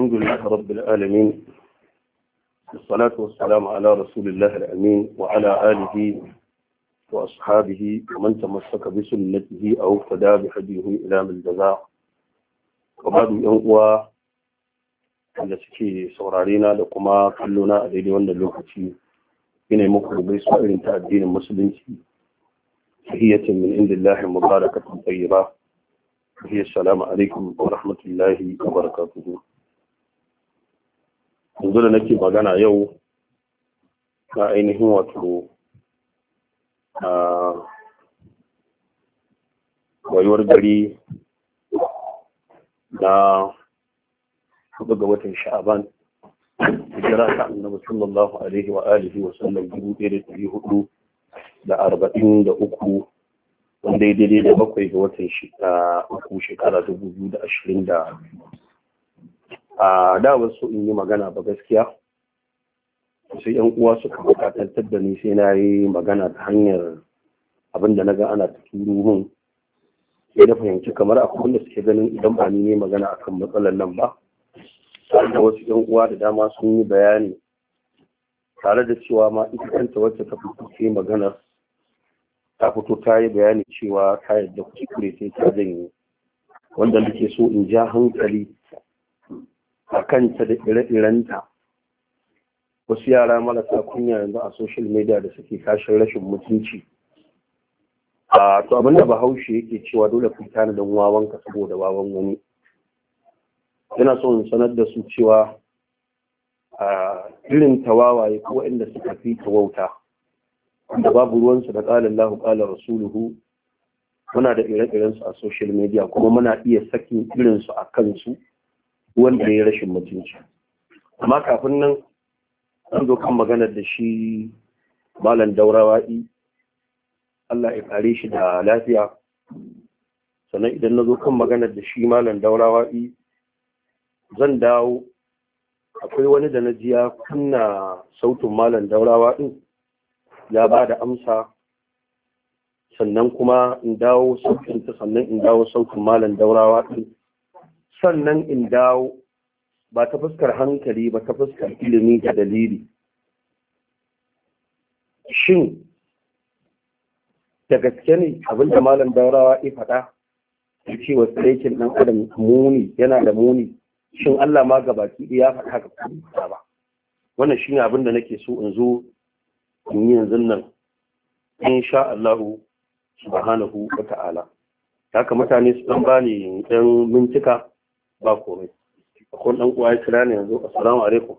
الحمد لله رب العالمين والصلاة والسلام على رسول الله الأمين وعلى آله وأصحابه ومن تمسك بسنته أو اقتدى بهديه إلى من جزاء وبعد ينقوى wanda suke saurare na da kuma kallona a daidai wannan lokaci ina yi muku gaisuwa irin ta addinin musulunci tahiyyatan min indillahi mubarakatun tayyiba tahiyyat alaikum wa rahmatullahi wa barakatuhu yanzu da nake magana yau na ainihin wato a wayuwar gari na hudu ga watan sha'aban hijira ta annabi sallallahu alaihi wa alihi wa sallam dubu ɗaya da ɗari hudu da arba'in da uku wanda ya daidai da bakwai ga watan uku shekara dubu biyu da ashirin da a wasu so in yi magana ba gaskiya sai yan uwa suka bukatantar da ni sai na yi magana ta hanyar abin da na ga ana ta turu mun sai na fahimci kamar akwai wanda suke ganin idan ba ni ne magana akan matsalar nan ba tare da wasu yan uwa da dama sun yi bayani tare da cewa ma ita kanta wacce ta fito yi maganar ta fito ta yi bayani cewa ta yadda kuskure sai ta janye wanda nake so in ja hankali a kanta da ire-irenta wasu yara marasa kunya yanzu a social media da suke kashin rashin mutunci a to abinda bahaushe yake cewa dole ku tana don wawan ka saboda wawan wani yana so in sanar da su cewa a irin tawawaye ko inda suka fi tawauta da babu ruwansu da ƙalin lahu ƙalar rasuluhu muna da ire-irensu a social media kuma muna iya sakin irinsu a kansu wanda ya rashin mutunci amma kafin nan an zo kan maganar da shi malam daurawa'i Allah ya kare shi da lafiya sannan idan na zo kan maganar da shi malam daurawa'i zan dawo akwai wani da na ji ya kunna sautin malam daurawa din ya ba da amsa sannan kuma in dawo sautin ta sannan in dawo sautin malam daurawa din sannan in dawo ba ta fuskar hankali ba ta fuskar ilimi da dalili shin da gaske ne abinda malam daurawa ya faɗa ya ce wa ɗan adam muni yana da muni shin Allah ma baki ya faɗa ga kuma ba wannan shine abin da nake so in zo in yi yanzu nan in sha Allah subhanahu wa ta'ala haka mutane su dan bani ɗan mintika ba komai akwai dan uwa ya kira ne yanzu assalamu alaikum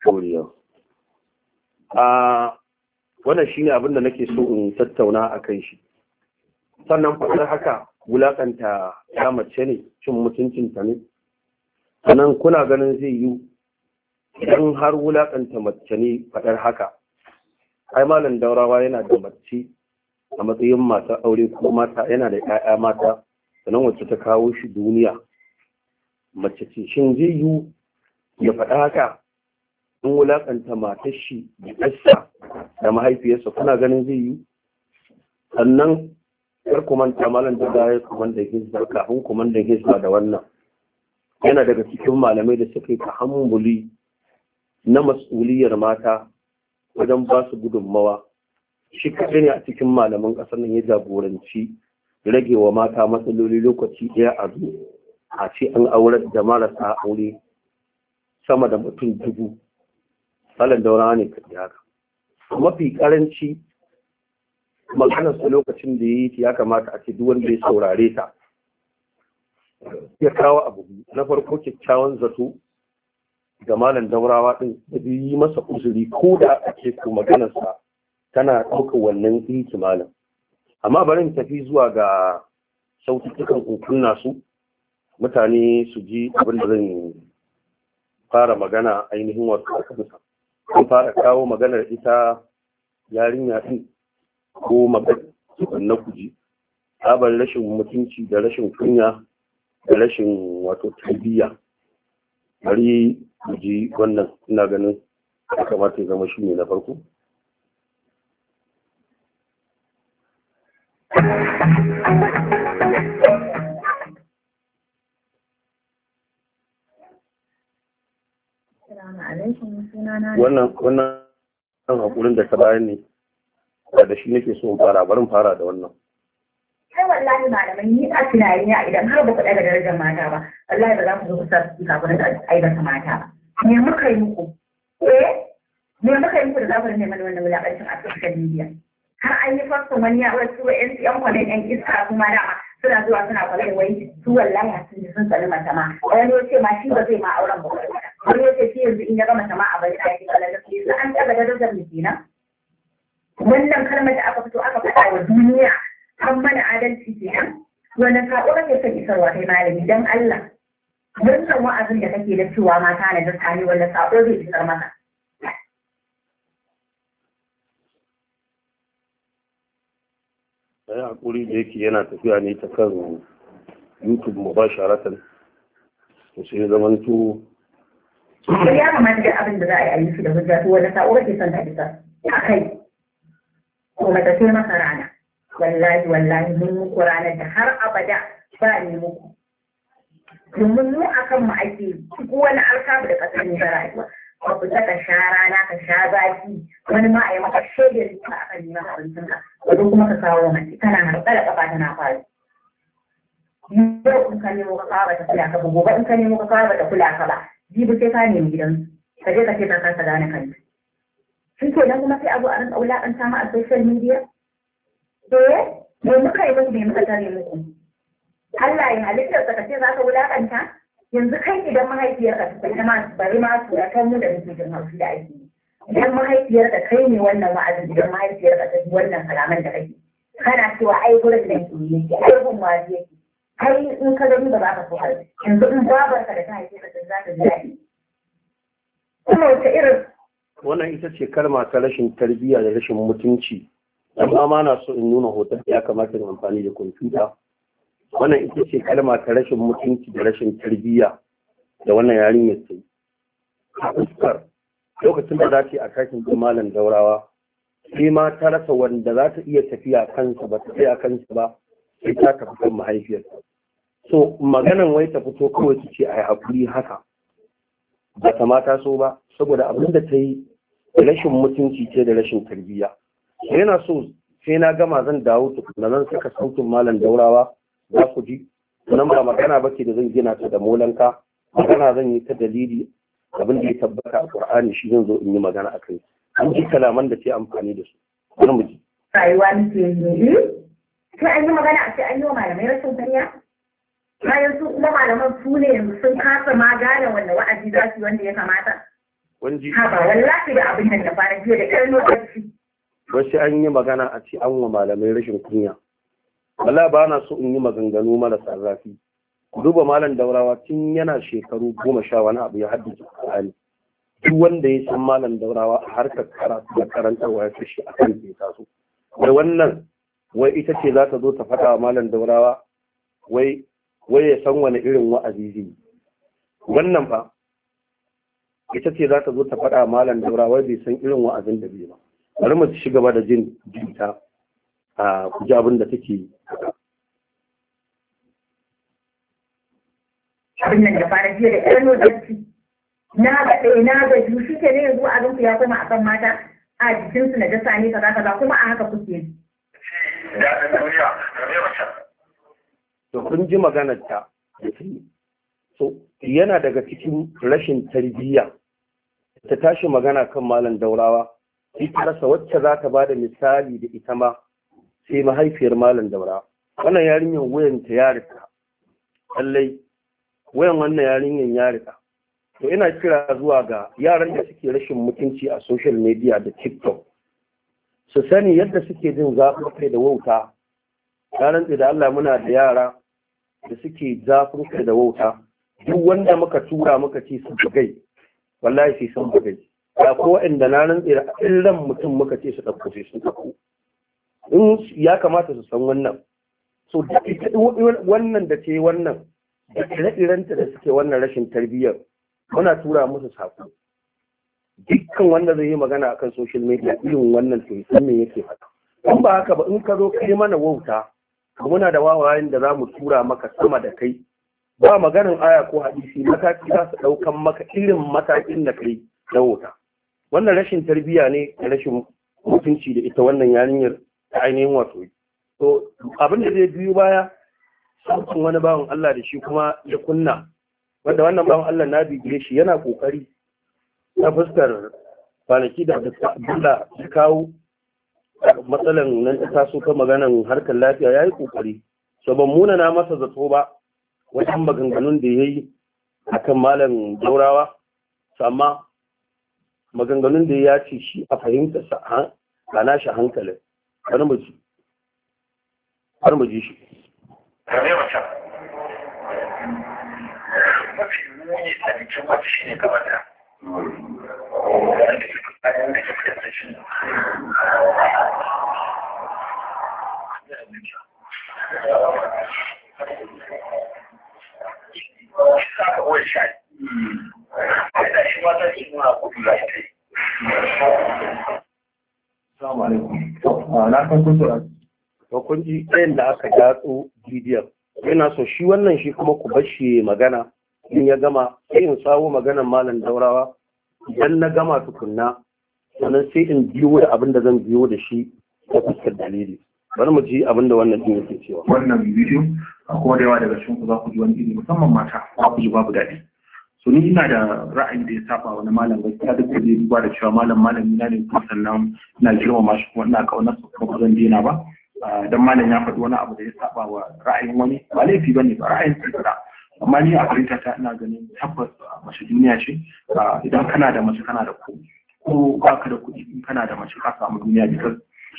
kauriya a ah, wannan shine abin da nake so in tattauna a kan shi sannan faɗar haka wulaƙanta ya mace ne cin mutuncinta ne sannan kuna ganin zai yi idan har wulaƙanta mace ne faɗar haka ai malam daurawa yana da mace a matsayin mata aure ko mata yana da 'ya'ya mata sannan wacce ta kawo shi duniya mace ce shin zai yi ya faɗa haka in wulakanta matar shi da ƙasa da mahaifiyarsa kuna ganin zai yi sannan kar ku manta malam da gaya kumandan hizba kafin kumandan hizba da wannan yana daga cikin malamai da suka yi tahammuli na mas'uliyar mata wajen ba su gudunmawa shi kaɗai ne a cikin malaman ƙasar nan ya jagoranci rage wa mata matsaloli lokaci ɗaya a zo a ce an aurar da marasa aure sama da mutum dubu malam daura ne ka mafi karanci maganar su lokacin da yi ya kamata a ce duk wanda ya saurare ta ya kawo abu na farko kyakkyawan zato ga malam daurawa din da yi masa uzuri ko da ake ko maganarsa tana ɗauka wannan tsiki malam amma barin tafi zuwa ga sautukan kunna su mutane su ji abin da zan fara magana ainihin wasu a kansa an fara kawo maganar ita yarinya din ko magana na kuji sabon rashin mutunci da rashin kunya da rashin wato tarbiyya bari kuji ji wannan ina ganin ya kamata ya zama shi ne na farko wannan wannan hakurin da ta bayar ne da shi nake so fara barin fara da wannan kai wallahi malamai ni a tunani ne idan har ba ku daga darajar mata ba wallahi ba za ku zo ku sa su kafin da aibata mata ba me muka yi muku eh me muka yi muku da za ku rinne mana wannan wulakancin a social media har an yi fasto wani ya wasu yan yan kwanan yan iska kuma dama suna zuwa suna kwanan wai su wallahi sun ji sun tsani mata ma wani ya ce ma shi ba zai ma auren ba har yake shi yanzu in ya gama jama'a bai da yake kallon an taɓa da mu kenan wannan kalmar da aka fito aka faɗa wa duniya an mana adalci kenan wannan saƙo kake son isarwa kai malami dan Allah wannan wa'azin da kake da cewa mata na da tsani wannan saƙo zai isar maka sai hakuri da yake yana tafiya ne ta kan youtube mubasharatan to sai zamanto sai ya kamata da abin da za a yi su da hujja to wanda sa'o kake son ka isa ya kai to mata sai masa rana wallahi wallahi mun muku ranar da har abada ba ne muku domin mu akan mu ake duk wani alkabu da kasar ne da rayuwa ba ku saka sha rana ka sha zafi wani ma a yi maka shaidar ka akan yi maka abincin ka wajen kuma ka kawo mace tana harɓa da kafa tana faru yau in ka nemo ka kawo ba ta kula ka ba gobe in ka nemo ka kawo ba ta kula ka ba jibi sai ka nemi gidan ka je ka ce ka kasa gane kanta shi ke nan kuma sai abu a rinka wulaƙanta ma a social media eh me muka yi muku me muka tare muku Allah ya halittar ka ce za ka wulaƙanta yanzu kai idan ka ta kai bari ma su ya kan mu da muke jin haushi da ake idan ka kai ne wannan wa'azin idan ka ta ji wannan kalaman da kake kana cewa ai gurin da ke yake ai gun yake ai in ka gani ba za ka so haihu yanzu in babar ka da ta haife ka za ka ji kuma wata irin wannan ita ce kalma ta rashin tarbiyya da rashin mutunci amma ma na so in nuna hoton ya kamata in amfani da kwamfuta wannan ita ce kalma ta rashin mutunci da rashin tarbiyya da wannan yarin ya sai a fuskar lokacin da za ta yi a tashin malam daurawa sai ma ta rasa wanda za ta iya tafiya kansa ba ta a kansa ba sai ta tafi kan so maganan wai ta fito kawai su ce a yi hakuri haka ba ta mata so ba saboda abin da ta yi rashin mutunci ce da rashin tarbiyya yana so sai na gama zan dawo tukuna zan saka sautin malam daurawa za ku ji nan ba magana ba ke da zan gina ta da molanka magana zan yi ta dalili abin da ya tabbata a qur'ani shi zan zo in yi magana a kai. an ji kalaman da ke amfani da su wani mu ji rayuwa sai an yi magana a ce an yi wa malamai rashin sanya bayan su kuma malaman su ne sun kasa ma gane wanda wa'azi za su yi wanda ya kamata haba wallahi da abin nan da fara jiya da irin lokaci wasu an yi magana a ce an wa malamai rashin kunya wala ba na so in yi maganganu marasa zafi duba malam daurawa tun yana shekaru goma sha wani abu ya haddace Qur'ani duk wanda ya san malam daurawa a harkar karatu da karantarwa ya fi shi akan ke taso da wannan wai ita ce za ta zo ta faɗa wa malam daurawa wai wai ya san wani irin wa'azi zai wannan ba ita ce za ta zo ta faɗa wa malam daurawa bai san irin wa'azin da biyu ba bari mu ci gaba da jin jinta a kujabin da take yi abin nan da fara jiya da ƙarno na ga ɗaya na ga biyu shi ne yanzu abin ku ya koma akan mata a jikinsu na jasa ne kaza kaza kuma a haka kuke to kun ji maganar ta so yana daga cikin rashin tarbiyya ta tashi magana kan malam daurawa ita rasa wacce za ta ba da misali da ita ma sai mahaifiyar malam daurawa wannan yarinyar wayan ta ya lallai wayan wannan yarinyar ya to ina kira zuwa ga yaran da suke rashin mutunci a social media da tiktok su sani yadda suke jin zaɓi kai da wauta rantse da Allah muna da yara da suke zafin kai da wauta duk wanda muka tura muka ce sun bugai wallahi sai sun bugai da ko inda na rantse da illan mutum muka ce su dauko sai sun dauko in ya kamata su san wannan so wannan da ce wannan da ire-irenta da suke wannan rashin tarbiyyar muna tura musu saƙo. dukkan wanda zai yi magana akan social media irin wannan to san me yake faɗa in ba haka ba in ka zo kai mana wauta muna da wawayen da za mu tura maka sama da kai ba maganin aya ko hadisi mataki za su ɗaukan maka irin matakin da kai na wuta wannan rashin tarbiyya ne da rashin mutunci da ita wannan yarinyar ta ainihin wato to abin da zai biyo baya sautin wani bawan Allah da shi kuma ya kunna wanda wannan bawan Allah na bigire shi yana kokari ta fuskar kwanaki da abdulla ya kawo matsalan nan ta taso ta maganan harkar lafiya ya yi kokari so ban muna na masa zato ba wajen maganganun da ya yi a kan malam jaurawa amma maganganun da ya ce shi a fahimta sa a nashi hankalin har mu ji har mu ji shi mafi muni a jikin wata shi ne gaba da ji ɗayan da aka datsu bidiyon yana so shi wannan shi kuma ku bashi magana in ya gama sai in sawo maganan malam daurawa idan na gama tukunna sannan sai in biyo da abin da zan biyo da shi ta fuskar dalili bari mu ji abin da wannan din yake cewa wannan bidiyo kuma da yawa daga cikin ku za ku ji wani iri musamman mata za ku ji babu daɗi so ni ina da ra'ayi da ya saba wani malam gaskiya duk da zai duba da cewa malam malami na ne kuma sannan ina girmama shi kuma ina kaunar su kuma zan daina ba dan malam ya faɗi wani abu da ya saba wa ra'ayin wani ba laifi ba ne ba ra'ayin ba. amma ni a fahimta ta ina ganin tabbas mace duniya ce idan kana da mace kana da komai ko ba ka da kuɗi in kana da mace ka samu duniya duka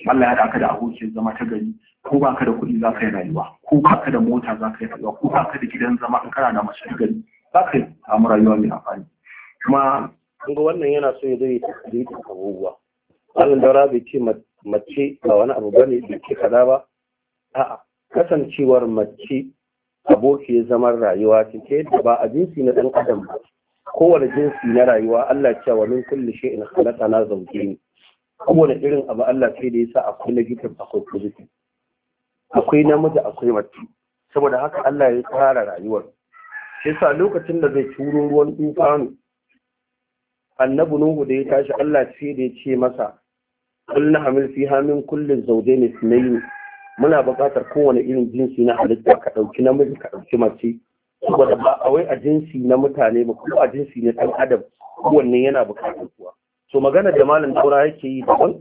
Allah ya haɗa da abokin zama ta gari ko ba ka da kuɗi za ka yi rayuwa ko ba ka da mota za ka yi rayuwa ko ba ka da gidan zama in kana da mace ta gari za ka yi samu rayuwa mai amfani kuma kun ga wannan yana so ya zo ya yi abubuwa wannan daura bai ce mace ba wani abu bane bai ce kaza ba a'a kasancewar mace abokiyar zaman rayuwa ce ta yadda ba a jinsi na ɗan adam ba kowane jinsi na rayuwa Allah cewa wa min kulli shay'in khalaqana zawjayn kowane irin abu Allah sai da yasa akwai negative akwai positive akwai namiji akwai mace saboda haka Allah ya tsara rayuwar shi yasa lokacin da zai turo ruwan tufanu annabi nuhu da ya tashi Allah sai da ya ce masa kullu hamil fiha min kulli zawjayn ithnayn muna buƙatar kowane irin jinsi na halitta ka ɗauki namiji ka ɗauki mace saboda ba a wai a jinsi na mutane ba ko a jinsi na ɗan adam kowanne yana bukatar kuwa so magana da malam daura yake yi daban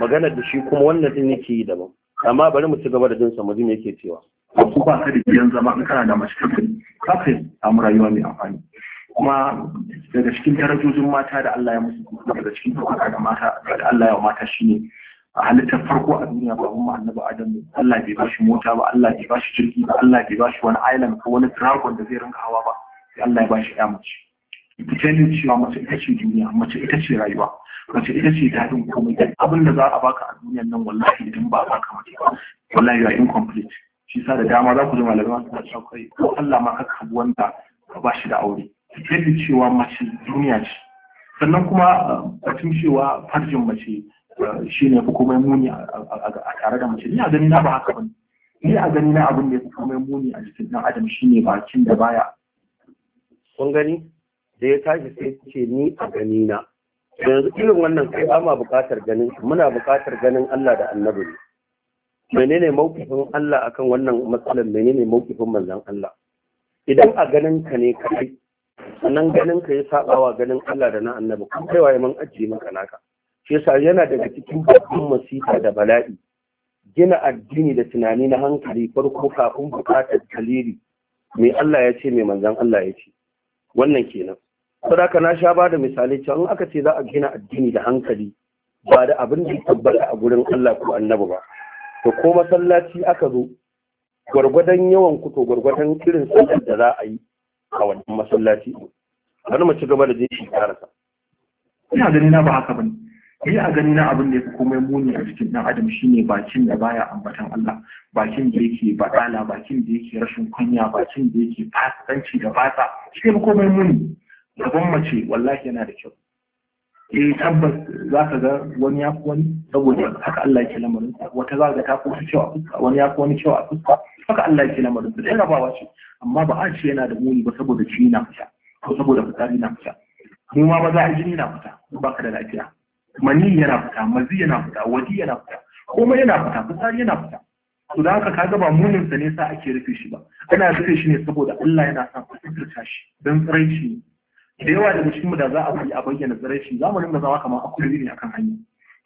magana da shi kuma wannan din yake yi daban amma bari mu ci gaba da jinsa mu yake cewa ku ba ka da biyan zama in kana da mace kafin kafin mu rayuwa mai amfani kuma daga cikin darajojin mata da Allah ya musu daga cikin ɗaukaka da mata da Allah ya mata shine a halittar farko a duniya ba umma annabi adam Allah bai bashi mota ba Allah bai bashi jirgi ba Allah bai bashi wani island ko wani dragon da zai rinka hawa ba sai Allah ya bashi ya mace ita ce ne cewa mace ita ce duniya mace ita ce rayuwa mace ita ce dadin komai duk abin da za a baka a duniyan nan wallahi idan ba a baka mace ba wallahi you incomplete shi sa da dama za ku ji malaman suna cewa kai ko Allah ma kaka wanda ka ba shi da aure ita ce cewa mace duniya ce sannan kuma uh, batun cewa farjin mace shi ne kuma muni a tare da mace ni a gani na ba haka bane ni a gani na abin da ya fi kuma muni a jikin dan adam shi ne bakin da baya kun gani da ya tashi sai ce ni a gani na yanzu irin wannan kai ba ma bukatar ganin muna bukatar ganin Allah da annabi ne menene mawkifin Allah akan wannan matsalar menene mawkifin manzon Allah idan a ganin ka ne kai sannan ganin ka ya sabawa ganin Allah da na annabi kun kai waye mun ajiye maka naka shi yana daga cikin babban masifa da bala'i gina addini da tunani na hankali farko kafin bukatar kaliri mai Allah ya ce mai manzan Allah ya ce wannan kenan saboda na sha ba da misali cewa in aka ce za a gina addini da hankali ba da abin da ya tabbata a gurin Allah ko annabi ba to ko masallaci aka zo gwargwadon yawan kuto gwargwadon irin sallar da za a yi a wannan masallaci bari mu ci gaba da je shi karasa ina ganin ba haka bane ni a gani na abin da ya fi komai muni a jikin ɗan adam shine bakin da baya ambatan Allah bakin da yake baɗala bakin da yake rashin kunya bakin da yake fasikanci da fasa shi ne komai muni gaban mace wallahi yana da kyau eh tabbas za ka ga wani ya fi wani saboda haka Allah yake lamarin wata za ka ta fi kyau a fuska wani ya fi wani kyau a fuska haka Allah yake lamarin sa dai rabawa ce amma ba a ce yana da muni ba saboda jini na fita ko saboda fitsari na fita mu ma ba za a jini na fita ba ka da lafiya mani yana fita mazi yana fita wadi yana fita komai yana fita fitsari yana fita to da haka kaga ba munin sa ne sa ake rufe shi ba ana rufe shi ne saboda Allah yana sa ku tsirta shi dan tsiraici da yawa daga cikin mu da za a yi a bayyana tsiraici za mu rinka zama kamar akuri ne akan hanya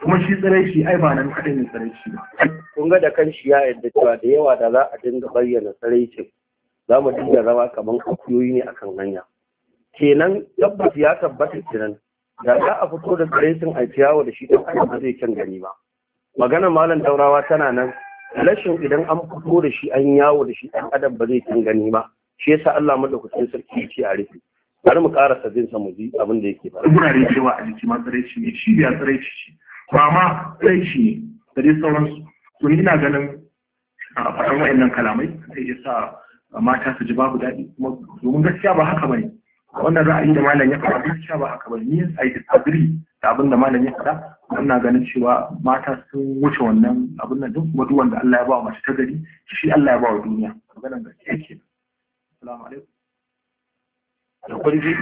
kuma shi shi ai ba nan kadai ne tsiraici ba kun ga da kanshi ya yadda cewa da yawa da za a dinga bayyana tsiraicin za mu dinga zama kamar akuyoyi ne akan hanya kenan tabbas ya tabbata kenan da za a fito da sun a ciyawa da shi don kan ba zai kyan gani ba magana malam daurawa tana nan rashin idan an fito da shi an yawo da shi dan adam ba zai kyan gani ba shi yasa Allah madaukakin sarki ce a rufe bari mu karasa sabbin sa mu ji abin da yake ba gurare cewa a jiki ma shi ne shi ya tsare shi ba ma shi ne da dai sauransu to ni ina ganin a faɗan wa'annan kalamai zai yasa sa mata su ji babu daɗi kuma domin gaskiya ba haka bane wannan yi da malam ya fara gaskiya ba haka ba ni yi disagree da abin da malam ya faɗa ina ganin cewa mata sun wuce wannan abin nan duk wadu wanda Allah ya ba mace ta gari shi Allah ya ba wa duniya maganar da ke salamu alaikum da kun ji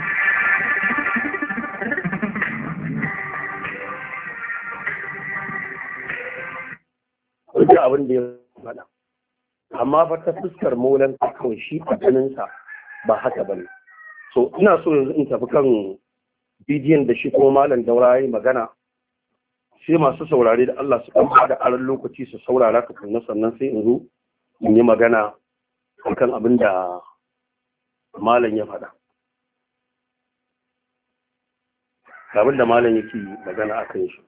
Kurji abin da ya faɗa. Amma fa ta fuskar molan kawai shi a ganinsa ba haka ba ne. so ina so yanzu in tafi kan bidiyon da shi kuma malam daura ya yi magana sai masu saurare da Allah su kan da aran lokaci su saurara ka kunna sannan sai in zo in yi magana kan abin da malam ya faɗa abin da malam yake magana akan shi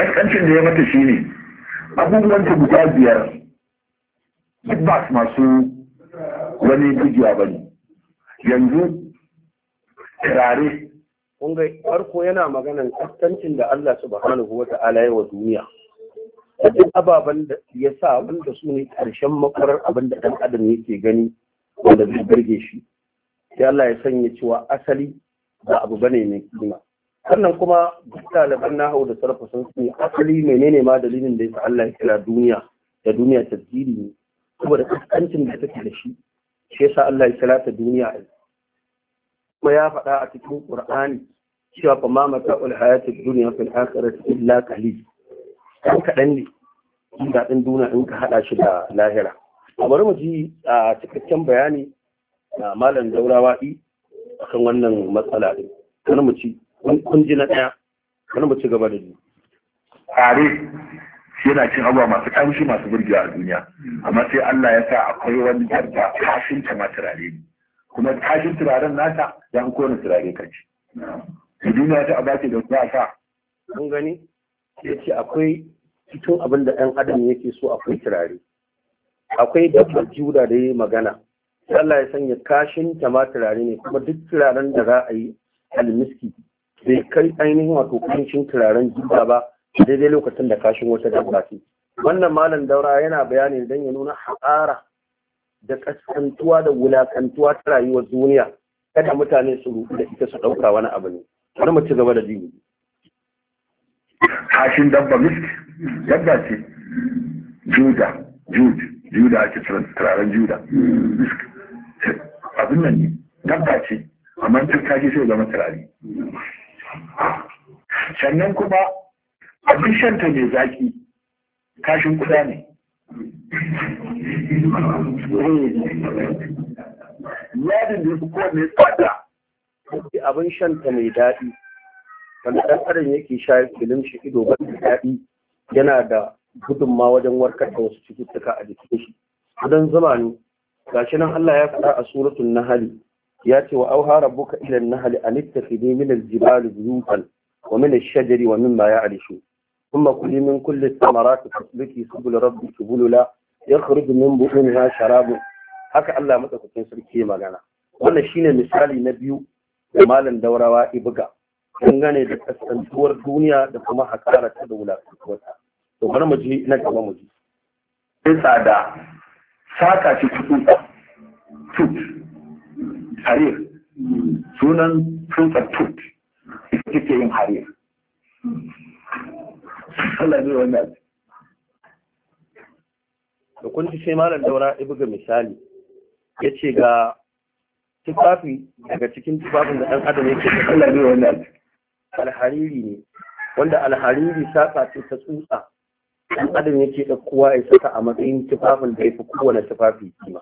kaskancin da ya mata shi ne abubuwan ta guda biyar kickbacks masu wani gujewa ba ne yanzu turare kun farko yana maganan kaskancin da Allah subhanahu wa ta'ala ya wa duniya da duk ababen da ya sa wanda su ne ƙarshen makwarar abin da ɗan adam yake gani wanda zai birge shi sai Allah ya sanya cewa asali ba abu bane mai kima sannan kuma duk ɗaliban nahau da sarfa sun ce asali menene ma dalilin da ya sa Allah ya kira duniya da duniya tafsiri ne saboda kaskancin da take da shi shi yasa Allah ya kira ta duniya kuma ya faɗa a cikin Qur'ani cewa fa ma mata'ul hayatid dunya fil akhirati illa qalil kan kaɗan ne in da daɗin duniya in ka haɗa shi da lahira a bari mu ji a cikakken bayani na malam daurawa akan wannan matsala din mu ci kun ji na ɗaya wani mu ci gaba da ji tare yana cin abuwa masu ƙamshi masu burgewa a duniya amma sai Allah ya sa akwai wani yarda kashin ta ma turare ne kuma kashin turaren nasa ya hanko kowane turare kanci da duniya ta abace da kuma sa mun gani ya ce akwai cikin abin da ɗan adam yake so akwai turare akwai dabbar juda da yi magana Allah ya sanya kashin ta ma turare ne kuma duk turaren da za a yi almiski bai kai ainihin wato kanshin turaren gida ba daidai lokacin da kashin wata dabba ce wannan malam daura yana bayani don ya nuna haƙara da kaskantuwa da wulakantuwa ta rayuwar duniya kada mutane su rubu da ita su ɗauka wani abu ne wani mu ci gaba da jini kashin dabba misk dabba ce juda jude juda ake turaren juda misk abin nan ne dabba ce amma ta kaji sai zama turare sannan kuma abin shanta mai zaki, kashin kuda ne eh. yadin da su fi mai tsada abin shanta mai daɗi wanda ɗan adam yake sha filin shi ido ba da daɗi yana da gudunma wajen warkar da wasu cututtuka a jikin shi idan zuma ne gashi nan Allah ya faɗa a suratul nahali ya ce wa auha rabbuka ila an-nahl an ne min al-jibali buyutan wa min ash-shajari wa mimma ya'rishu ثم كلي su كل rabu su سبل ربك سبللا يخرج من بطونها sharabu haka Allah madaukakin sarki magana wannan shine misali na biyu da malam daurawa ibuga dangane da kasantuwar duniya da kuma hakara ta da wulakantuwarta to bari mu ji na gaba mu ji sai tsada saka shi harir sunan tsutsar tut suke yin harir Allah ne wannan da kun ji sai malam daura ya buga misali ya ce ga tufafi daga cikin tufafin da ɗan adam yake da Allah ne wannan alhariri ne wanda alhariri saka ce ta tsutsa ɗan adam yake da kowa ya saka a matsayin tufafin da ya fi kowane tufafi kima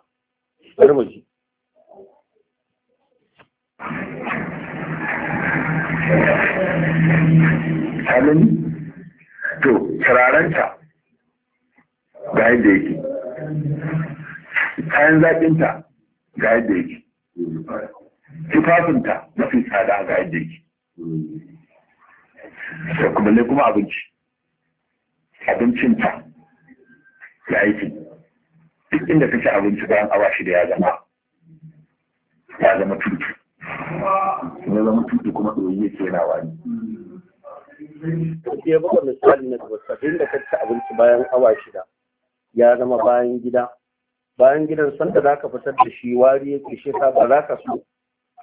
Sarmaji, halin to turarenta ga yadda yake kayan zaƙinta ga yadda yake tufafinta mafi tsada ga yadda yake da kuma ne kuma abinci abincinta ga aiki duk inda ka ci abinci bayan awa shida ya zama ya zama tutu ya zama kuma ɗoyi yake na wani ya buga misali na tabbatattun da kacce abinci bayan awa shida ya zama bayan gida bayan gidan sanda za ka fitar da shi wari yake shi sa ba za ka so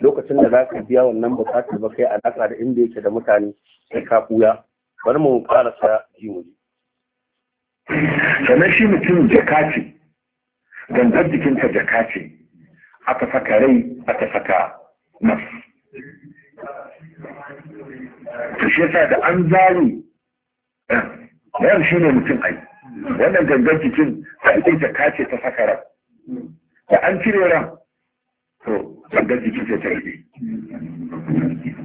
lokacin da za ka biya wannan bukatar ba kai alaƙa da inda yake da mutane sai ka buya bari mu karasa ji wuri. sannan shi mutum jaka ce gangar jikinta jaka ce aka saka rai aka saka to shi yasa da an zare eh, yar shi ne mutum ai wannan gangan jikin sai ta kace ta saka ran da an cire ran to gangan jikin sai ta rage rike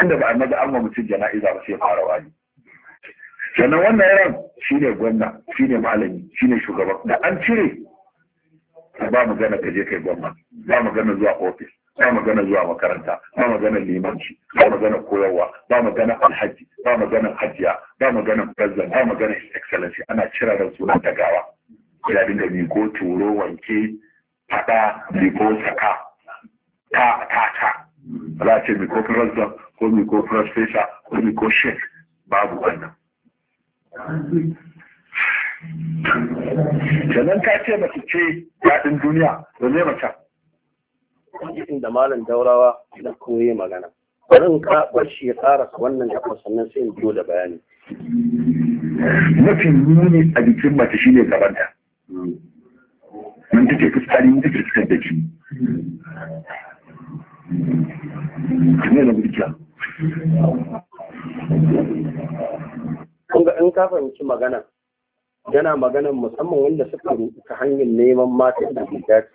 inda ba a maza an mutum jana'iza ba sai fara wani sannan wannan ran shi ne gwamna shi ne malami shi ne shugaban da an cire ba magana ka je kai gwamna ba magana zuwa ofis ba magana zuwa makaranta ba magana limanci ba magana koyarwa ba magana alhaji ba magana hajiya ba magana gazza ba magana his excellency ana cira da sunan dagawa ya da miko turo wanke fada miko saka ta ta ta za ce miko president ko miko professor ko miko sheikh babu wannan sannan ta ce mace ce daɗin duniya da ne mace hadisin da malam daurawa na koye magana bari ka bar shi ya tsara wannan gaba sannan sai in biyo da bayani mafi muni a jikin mace shine gabanta mun take fuskari mun take fuskar da jini ne na gurkiya kun ga in ka fahimci magana yana magana musamman wanda suka rubuta hanyar neman matan da ke dace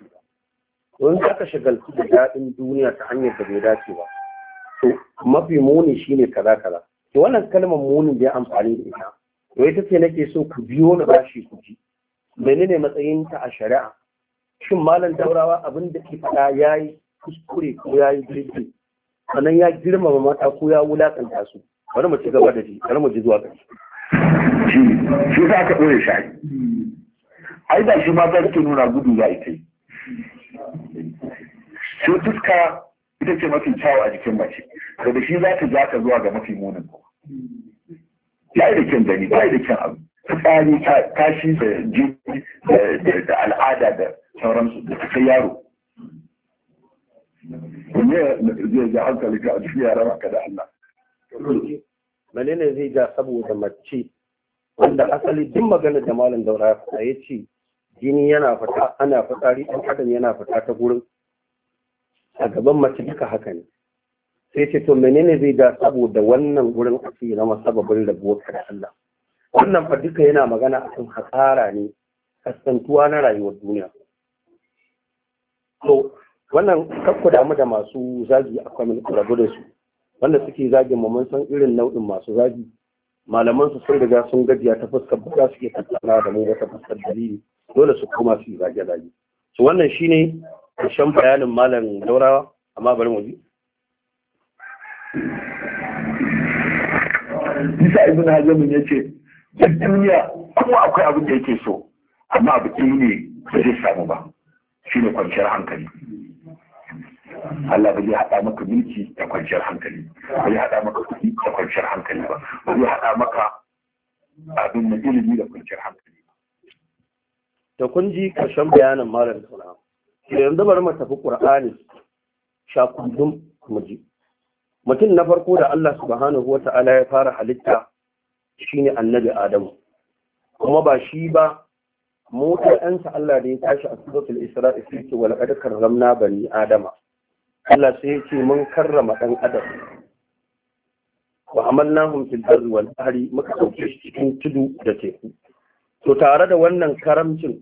don za ka shagaltu da daɗin duniya ta hanyar da bai dace ba to mafi muni shine kaza kaza to wannan kalmar munin da ya amfani da ita to ita ce nake so ku biyo na bashi ku ji menene matsayin ta a shari'a shin malam daurawa abin da ke faɗa yayi kuskure ko yayi daidai sannan ya girmama mata ko ya wulakanta su bari mu ci gaba da shi bari mu ji zuwa ƙarshe shi za ka ɗore shi ai ba shi ma ba nuna gudu za ita yi shi fuska ita ce mafi kyawu a jikin mace da da shi za ta za ka zuwa ga mafi munin kuma ya yi da kyan gani ba yi da kyan abu tsari kashi da jini da al'ada da sauransu da suka yaro zai ja hankali ka a duk yara maka da Allah menene zai ja saboda mace wanda asali duk maganar da malam daura ya ce jini yana fita ana fitsari ɗan adam yana fita ta gurin a gaban mace duka haka ne sai ce to menene zai da saboda wannan gurin ake zama sababin rabuwar Allah wannan fa duka yana magana a kan hasara ne kasantuwa na rayuwar duniya to wannan kakku damu da masu zagi a kwamin rabu da su wanda suke zagin mu mun san irin nau'in masu zagi malaman su sun riga sun gajiya ta fuskar ba za su iya tattauna da mu wata fuskar dalili dole su koma su yi zage-zage su wannan shine ƙarshen bayanin malam daurawa amma bari mu ji Isa ibn Hajamin ya ce, duk duniya kuma akwai abin da yake so, amma abu ne ba zai samu ba, shi ne kwanciyar hankali. Allah ba zai haɗa maka mulki da kwanciyar hankali ba zai haɗa maka kuɗi da kwanciyar hankali ba ba zai haɗa maka abin na ilimi da kwanciyar hankali ba da kun ji karshen bayanin malam tuna yanzu bari mu tafi qur'ani shakundum mu ji mutum na farko da Allah subhanahu wata'ala ya fara halitta shine annabi Adamu kuma ba shi ba mu 'yansa Allah da ya tashi a suratul Isra'i sai ce wal qad karramna bani adama Allah sai ya ce mun karrama ɗan adam wa amalnahum fil barri wal bahri muka dauke shi cikin tudu da teku to tare da wannan karamcin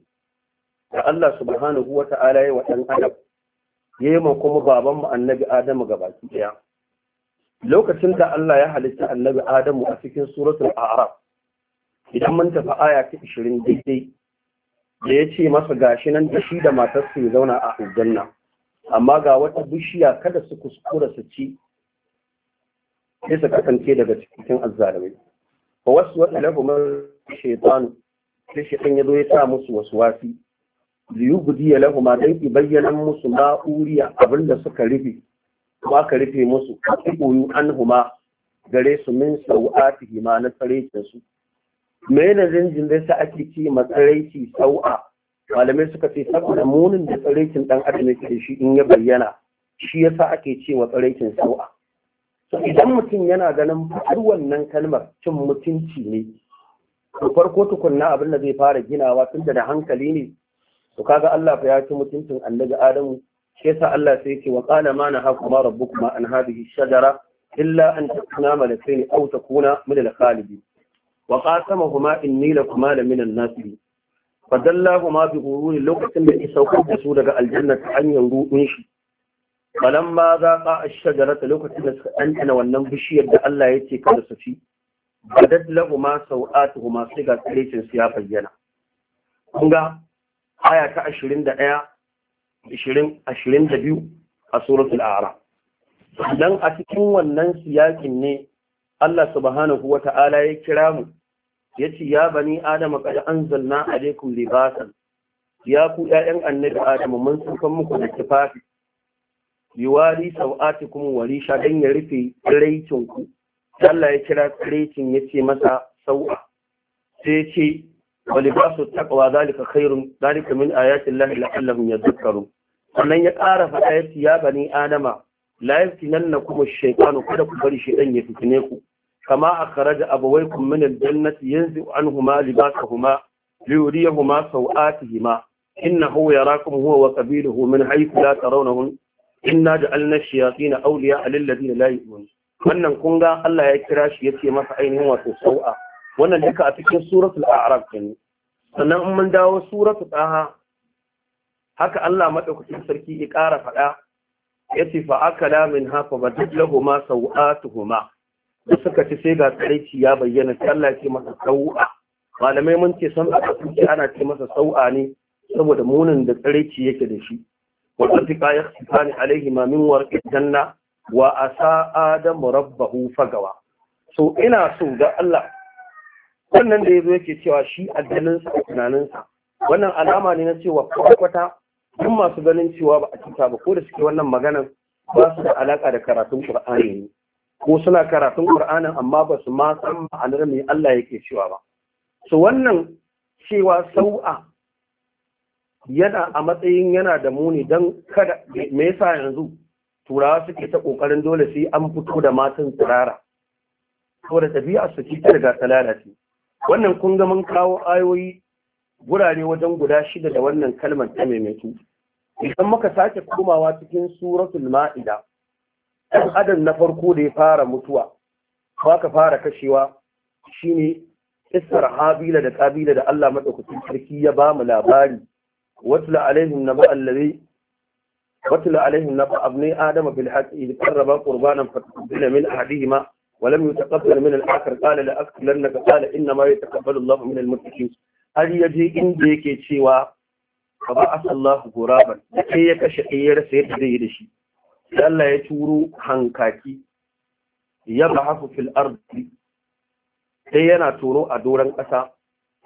da Allah subhanahu wa ta'ala ya wa ɗan adam ya ma kuma baban mu annabi Adamu baki daya lokacin da Allah ya halitta annabi Adamu a cikin suratul a'raf idan mun tafi aya ta 20 daidai da ya ce masa gashi nan da shi da matarsa ya zauna a aljanna amma ga wata bishiya kada su kuskura su ci sai su kasance daga cikin azzalumai fa wasu wata lagumar shaitan sai shaitan ya zo ya sa musu wasu wasi ya lahuma don ki bayyana musu na'uriya abin abinda suka rufe kuma ka rufe musu tsibiru an huma. gare su min sau'atihi ma na tsaraicin su mai ne zanjin dai sa ake ce matsaraici sau'a malamai suka ce saboda munin da tsaraicin dan adam yake da shi in ya bayyana shi yasa ake cewa tsaraicin sau'a so idan mutum yana ganin har wannan kalmar cin mutunci ne to farko tukunna abin da zai fara ginawa tunda da hankali ne to kaga Allah fa ya ci mutuncin annabi Adamu shi yasa Allah sai yake wa qala ma na hakuma rabbukuma an hadhihi shajara illa an takuna malakaini aw takuna min al-khalidin wa qasamahuma inni lakuma la fadallahu ma bi lokacin da isa saukar da su daga aljanna ta hanyar ruɗin shi ma za ka ta lokacin da suka ɗanɗana wannan bishiyar da Allah ya ce kada su ci ma lahuma sau'atuhuma sai ga tsirecin su ya bayyana kun ga aya ta ashirin da ɗaya ashirin da biyu a suratul ara. dan a cikin wannan siyakin ne Allah subhanahu Ta'ala ya kira mu yace ya bani adam qad anzalna alaykum libasan ya ku ƴaƴan annabi Adamu mun sukan muku da tufafi yuwari sau'atikum warisha dan ya rufe raicin ku Allah ya kira ya yace masa sau'a sai yace walibasu taqwa zalika khairun zalika min ayati llahi la'allahum yadhakkarun sannan ya ƙara faɗa yace ya bani adama la yaftinannakum kuma shaytanu kada ku bari shaytan ya fitine ku kama akhraja abawaykum min al-jannati yanzu anhuma libasahuma liyuriyahuma sawatihima innahu yarakum huwa wa qabiluhu min haythu la tarawnahum inna ja'alna ash-shayatina awliya'a lil-ladina la yu'minun wannan kun ga Allah ya kira shi yace masa ainihin wato sau'a wannan duka a cikin suratul a'raf ne sannan in mun dawo suratul taha haka Allah madaukakin sarki ya ƙara faɗa yace fa akala min hafa badat lahumu sawatuhuma da suka ci sai ga tsaraici ya bayyana sai Allah ya ce masa sau'a malamai mun ce san aka ana ce masa sau'a ne saboda munin da tsaraici yake da shi wa tsafika ya tsifani alaihi ma min warqi janna wa asa adam rabbahu fagawa so ina so ga Allah wannan da yazo yake cewa shi addininsa a tunaninsa wannan alama ne na cewa kwakwata. duk masu ganin cewa ba a cuta ba ko da suke wannan maganar ba su da alaka da karatun Qur'ani ne ko suna karatun Qur'anin amma ba su ma san ma'anar me Allah yake cewa ba so wannan cewa sau'a yana a matsayin yana da muni don kada me yasa yanzu turawa suke ta kokarin dole sai an fito da matan turara. saboda tafiya su ci ta riga ta lalace wannan kun ga mun kawo ayoyi gurare wajen guda shida da wannan kalmar ta maimaitu idan muka sake komawa cikin suratul ma'ida adan na farko da ya fara mutuwa ko aka fara kashewa shine kissar habila da kabila da Allah madaukakin sarki ya ba mu labari watla alaihim naba allazi watla alaihim naba abni adama bil haqqi id qarraba qurbanan fatqabbala min ahadihima ولم يتقبل من الاخر قال لا اقتلنك ma انما يتقبل الله من المتقين har yaje inda yake cewa fa ba asallahu guraban sai ya kashe ɗaya rasa da shi Yalla ya turo hankaki ya ba bahafu fil ardi sai yana turo a doron ƙasa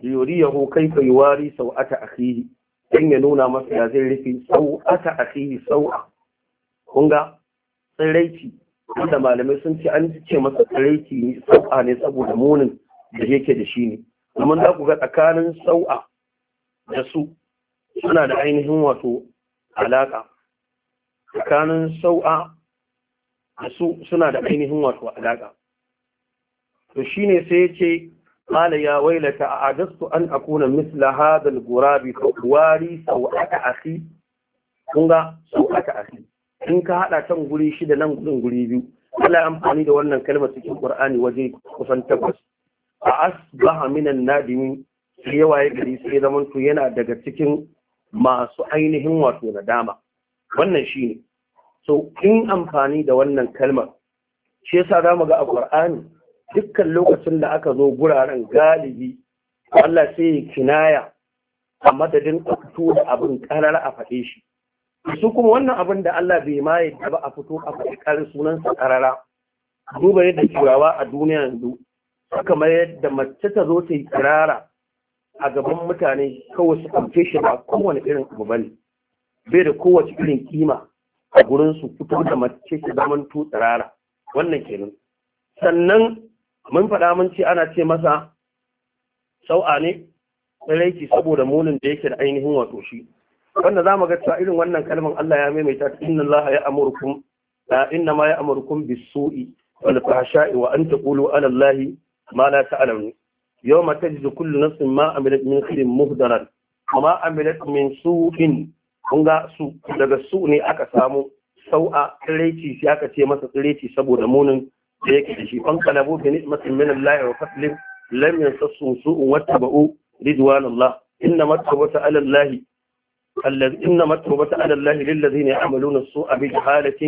yuriyahu kaifa yuwari sau'ata akhihi dan ya nuna masa ya zai rufe sau'ata akhihi sau'a Kunga tsiraici wanda malamai sun ce an ce masa tsiraici ne sau'a ne saboda munin da yake da shi ne amma za ku ga tsakanin sau'a da su suna da ainihin wato alaƙa. tsakanin sau'a da su suna da ainihin wato alaƙa to shine sai ya ce قال an akuna misla hadal أكون مثل هذا الغراب a fi, kun ga sauƙata a in ka haɗa can guri shida nan gudun guri biyu ala amfani da wannan kalmar cikin Ƙur'ani waje kusan takwas a asbaha minan nadimi sai yawa ya gari sai zaman yana daga cikin masu ainihin wato nadama wannan shi ne so in amfani da wannan kalmar shi yasa za mu ga a ƙwar'ani dukkan lokacin da aka zo guraren galibi Allah sai ya kinaya a madadin a fito da abin ƙarar a faɗe shi su kuma wannan abin da Allah bai ma yadda ba a fito a faɗi ƙarar sunansa ƙarara duba yadda turawa a duniya yanzu kamar yadda mace ta zo ta yi kirara a gaban mutane kawai su ɗauke shi ba kowane irin abu bane bai da kowace irin kima a gurin su fito da mace ta zaman tsirara wannan kenan sannan mun faɗa mun ce ana ce masa sau'a ne tsiraiki saboda munin da yake da ainihin wato shi wanda za mu ga cewa irin wannan kalmar Allah ya maimaita inna Allah ya amurkum inna ma ya amurkum bisu'i wal fahsha'i wa an taqulu ala Allah ma la ta'lamun yawma tajidu kullu nafsin ma amilat min khairin muhdaran wa ma amilat min su'in kun ga su daga su ne aka samu sau'a tsireci sai aka ce masa tsireci saboda munin da yake da shi fan kalabu bi ni'matin min Allah wa fatlin lam yasassu su'un wattaba'u ridwanallah inna matawata ala Allah الذي إنما التوبة على الله للذين يعملون السوء بجهالة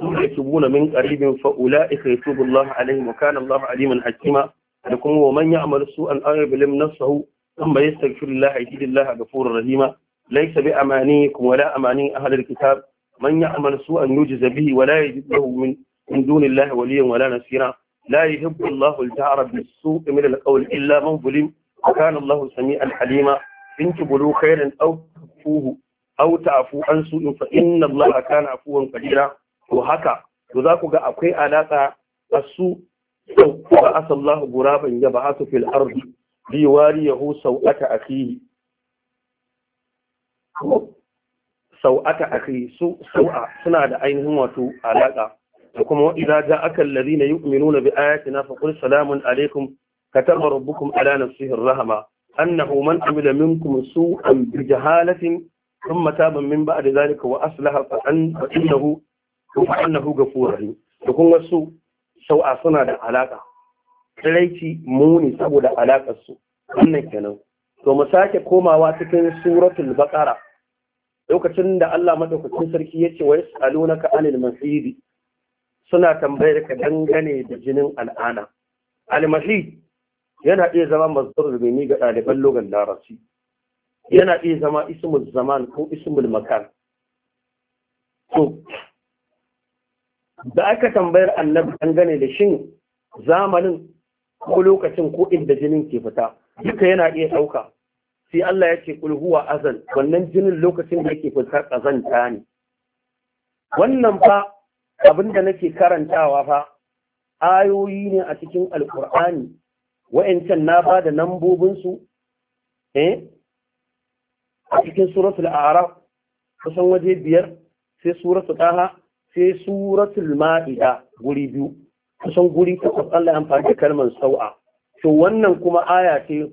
ثم يتوبون من قريب فأولئك يتوب الله عليهم وكان الله عليما حكيما لكم ومن يعمل سوءا أغلب لم نفسه ثم يستغفر allah يجد الله غفورا رحيما laisa bi amani kuma wala amani ahlul kitab man ya'mal su'an yujza bihi wala yajid lahu min min dunillahi waliyyan wala nasira la yuhibbu Allahu al-ta'arab bis-su'i min al-qawl illa man zulim wa kana Allahu samian halima in tubulu khairan aw tufuhu aw ta'fu an su'in fa inna Allaha kana afuwan haka to za ku ga akwai alaka asu sau ba asallahu guraban ya ba fil ardi bi wariyahu a akhihi Sau'ata a akhi su sau'a suna da ainihin wato alaƙa, da kuma idza ja'aka alladhina yu'minuna bi ayatina fa qul salamun alaykum kataba rabbukum ala nafsihi rahma annahu man amila minkum su'an bi jahalatin ثم تاب من بعد ذلك واصلح فانه فانه ga furari. da kuma su sau'a suna da alaƙa tsiraici muni saboda alakar su wannan kenan to mu sake komawa cikin suratul baqara lokacin da Allah madaukakin sarki ya ce wa yas'alunaka anil mahidi suna tambayar ka dangane da jinin al'ana al yana iya zama mazdur rubini ga ɗaliban logan darasi. yana iya zama ismul zaman ko ismul makan to da aka tambayar annabi dangane da shin zamanin ko lokacin ko inda jinin ke fita duka yana iya ɗauka sai Allah ya ce kulhuwa azan wannan jinin lokacin da yake fita kazanta ne wannan fa abin da nake karantawa fa ayoyi ne a cikin alkur'ani wa'ancan na ba da nambobinsu eh a cikin suratul araf kusan waje biyar sai suratul taha sai suratul ma'ida guri biyu kusan guri takwas Allah ya amfani da kalmar sau'a to wannan kuma aya ce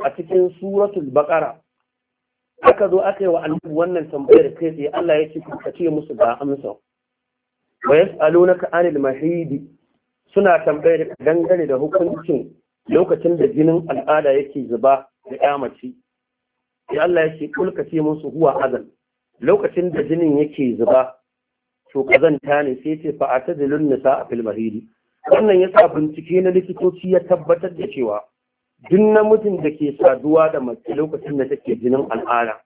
a cikin suratul baqara aka zo aka yi wa annabi wannan tambayar kai sai Allah ya ce ku ce musu ga amsa wa yas'alunaka anil mahidi suna tambayar dangane da hukuncin lokacin da jinin al'ada yake zuba da yamaci ya Allah ya ce ku ce musu huwa azal lokacin da jinin yake zuba to kazanta ne sai ce fa atadilun nisa fil mahidi wannan yasa bincike na likitoci ya tabbatar da cewa duk namijin da ke saduwa da mace lokacin da take jinin al'ada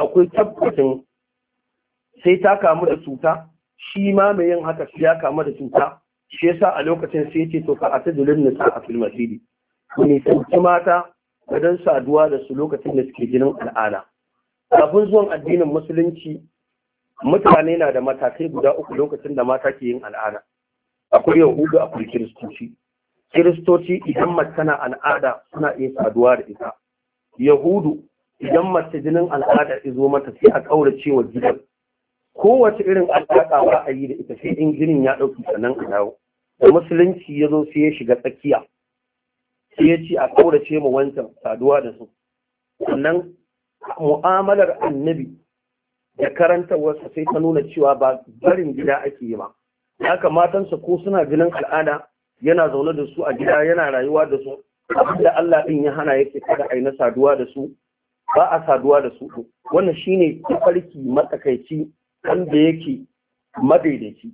akwai tabbacin sai ta kamu da cuta shi ma mai yin haka ya kamu da cuta shi ya sa a lokacin sai ce to ka da ta a Kuni, ku nisanci mata don saduwa da su lokacin da suke jinin al'ada kafin zuwan addinin musulunci mutane na da matakai guda uku lokacin da mata ke yin al'ada akwai yahudu akwai kiristoci kiristoci idan mace al'ada suna iya saduwa da ita yahudu idan mace jinin al'ada zo mata sai a kaurace cewa gidan kowace irin al'ada ba a yi da ita sai in jinin ya ɗauki sannan a dawo da musulunci ya zo sai ya shiga tsakiya sai ya ce a ce ma wancan saduwa da su sannan mu'amalar annabi da karantarwarsa sai ta nuna cewa ba barin gida ake yi ba haka matansa ko suna jinin al'ada yana zaune da su a gida yana rayuwa da su abinda Allah din ya hana yake kada a na saduwa da su ba a saduwa da su wannan shine tafarki matsakaici wanda yake madaidaici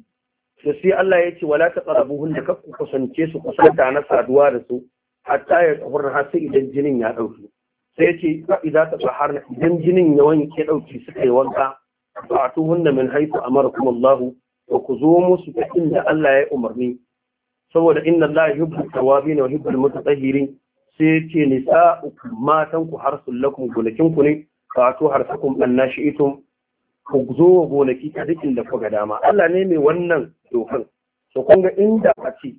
da sai Allah ya ce wala taqrabuhun da kakku kusance su kusanta na saduwa da su hatta ya tsahurna har sai idan jinin ya dauke sai ya ce idza tatahharna idan jinin ya wanke dauke suka yi wanka fa'atuhunna min mara kuma Allah ku zo musu ta inda Allah ya umarni saboda inna Allah yuhibbu tawabin wa yuhibbu mutatahhirin sai yace nisa'ukum matan ku harsul lakum gonakin ku ne fatu harsakum annashi'tum ku zo gonaki ta dukin da ku ga dama Allah ne mai wannan dokan to kun ga inda a ce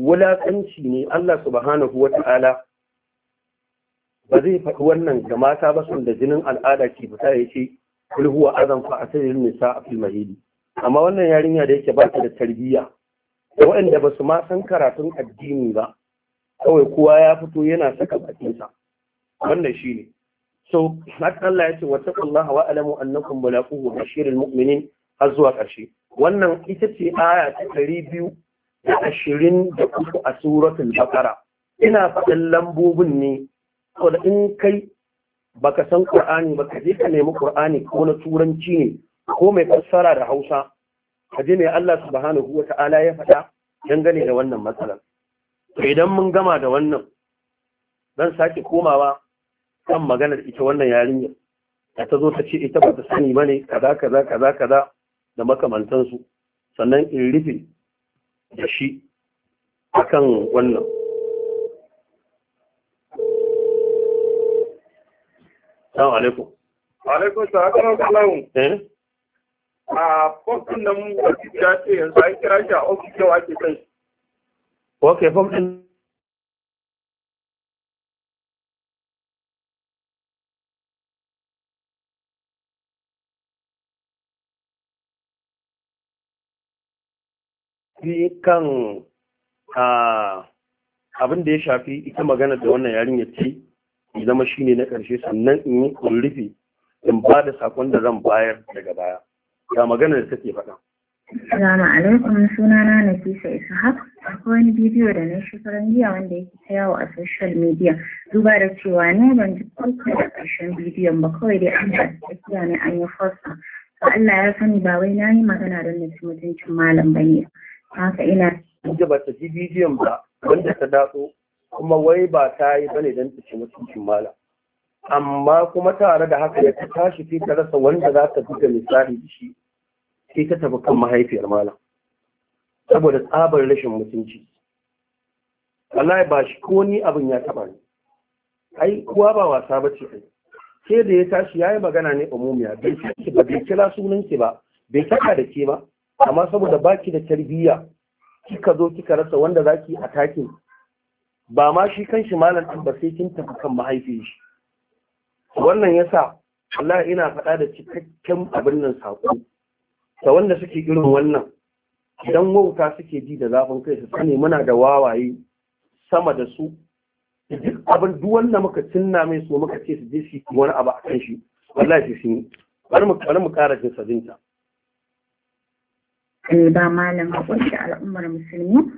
wulaƙanci ne Allah subhanahu wata'ala ba zai faɗi wannan ga mata ba sun da jinin al'ada ke fita ya ce kul huwa azan fa asirin nisa a fil mahidi amma wannan yarinya da yake ba ta da tarbiyya da waɗanda ba su ma san karatun addini ba kawai kowa ya fito yana saka bakinsa wannan shi ne so haka Allah ya ce wa taqullaha wa alamu annakum mulaquhu bashirul mu'minin har zuwa ƙarshe wannan ita ce aya ta ɗari biyu da ashirin da uku a suratul baqara ina faɗin lambobin ne saboda in kai baka san qur'ani ba ka je ka nemi qur'ani ko na turanci ne ko mai fassara da hausa kaji ne Allah subhanahu wa ta'ala ya faɗa dangane da wannan matsalar idan mun gama da wannan zan sake komawa kan maganar ita wannan yarinyar da ta zo ta ce ita ba ta sani ba ne kaza kaza kaza kaza da makamantansu sannan in rufe da shi akan wannan Assalamu alaikum. Alaikum salam. Eh? a kwamfin nan wasu ya ce yanzu an kira shi a ofis yau ake kai. Ok, kwamfin kan abin da ya shafi ita magana da wannan yarinya ce zama ne na ƙarshe sannan in yi rufe in ba da sakon da zan bayar daga baya. ga maganar da take faɗa Salamu alaikum sunana Nafisa Ishaq akwai wani bidiyo da na shekaran jiya wanda yake ta yawo a social media duba da cewa ne ban ji farko da ƙarshen bidiyon ba kawai dai an ba tafiya ne an yi fosta to Allah ya sani ba wai na yi magana don na ci mutuncin malam ba ne haka ina da ba ta ji bidiyon ba wanda ta datso kuma wai ba ta yi ba ne don ta ci mutuncin malam amma kuma tare da haka ya ta tashi ta rasa wanda za ta buga misali da shi sai ta tafi kan mahaifiyar malam saboda tsabar rashin mutunci wallahi ba shi ko ni abin ya taba ni ai kuwa ba wasa ba ce sai da ya tashi ya yi magana ne umumiya bai bai kira sunan ki ba bai saka da ke ba amma saboda baki da tarbiyya kika zo kika rasa wanda za zaki a takin ba ma shi shi malam ɗin ba sai kin tafi kan mahaifiyar shi wannan yasa Allah ina faɗa da cikakken abin nan sako. ta wanda suke irin wannan idan wauta suke ji da zafin kai su sani muna da wawaye sama da su duk abin duk wanda muka cinna mai so muka ce su je su wani abu a kan shi wallahi sun yi bari mu kara jin sabinta eh, ba malam hukunci al'ummar musulmi